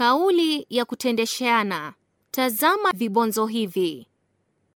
Kauli ya kutendesheana. Tazama vibonzo hivi.